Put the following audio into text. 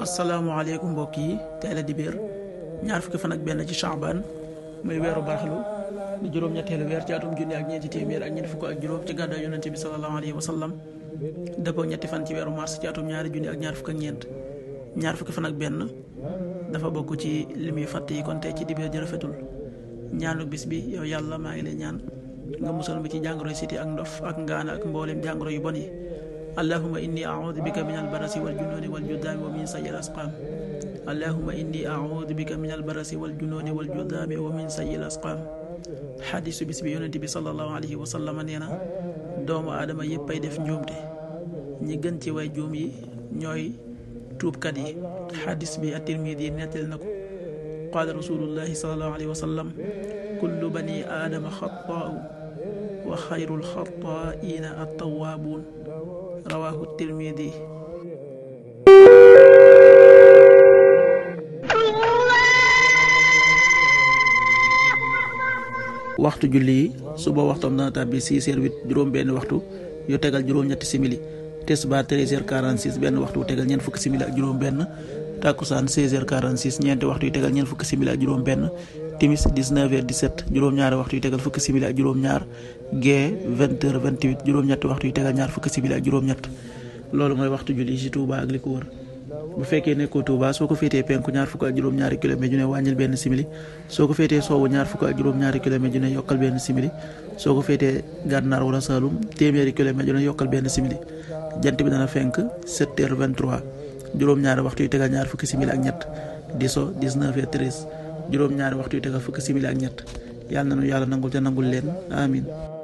asalaamaaleykum mbokk yi tey la dibéer ñaar fukki fan ak benn ci Shaaban muy weeru baraxlu di juróom-ñetteelu weer ci atum junni ak ñeenti téeméer ak ñeent fukk ak juróom ci gàddaay yonent bi sallallahu alayhi wa sallam dëppoo ñetti fan ci weeru mars ci atum ñaari junni ak ñaar fukk ak ñeent ñaar fukki fan ak benn dafa bokk ci li muy fàtte yi kon tey ci dibéer ji rafetul ñaanu bis bi yow yàlla maa ngi lay ñaan nga musal ma ci jàngoro siti ak ndof ak ngaana ak mboolem jàngoro yu bon yi allahuma inni audu bika min albarasi waljunooni waljudaami wa min sayi al asqaam allahuma inni audu bika min albarasi waljunooni waljudaami wa min sayi al asqaam xadiisu bis bi yonent bi sallallahu alayhi wa sallam nee na doomu aadama yépp ay def njuumte ñi gën ci way juum yi ñooy tuubkat yi xadis bi at-Tirmidi nettali na ko qaala rasulullahi sallallahu alayhi wa sallam kullu bani aadama xataa'u wa xayrul xataa'iina at-tawwaabuun rawaahu tirmidi waxtu julli yi suba waxtoom dana tàbbi six heures huit juróom benn waxtu yu tegal juróom-ñetti simili tisbaar treize heures quarante six benn waxtu tegal ñeent fukki simili ak juróom benn takkusaan seize heures quarante six ñeenti waxtu yu tegal ñeent fukki simili ak juróom benn timis 19 heures 17 juróom-ñaari waxtu yu tegal fukki simili ak juróom-ñaar gee 20 heures 28 juróom-ñetti waxtu yu tegal ñaar fukki simili ak juróom-ñett loolu mooy waxtu julli ci Touba ak li ko wër bu fekkee nekkoo Touba soo ko féetee penku ñaar fukk ak juróom-ñaari kilomètre ju ne ko féetee soowu ñaar fukk ak juróom-ñaari kilomètre ju ne benn simili soo ko féetee gànnaar wala Saalum téeméeri kilomètre ñaari waxtu yu tegal ñaar fukki simili ak ñett di so 19 heures 13 juróom-ñaari waxtu yu teg a fukki simili ak ñett yàlla na nu yàlla nangul te nangul leen amin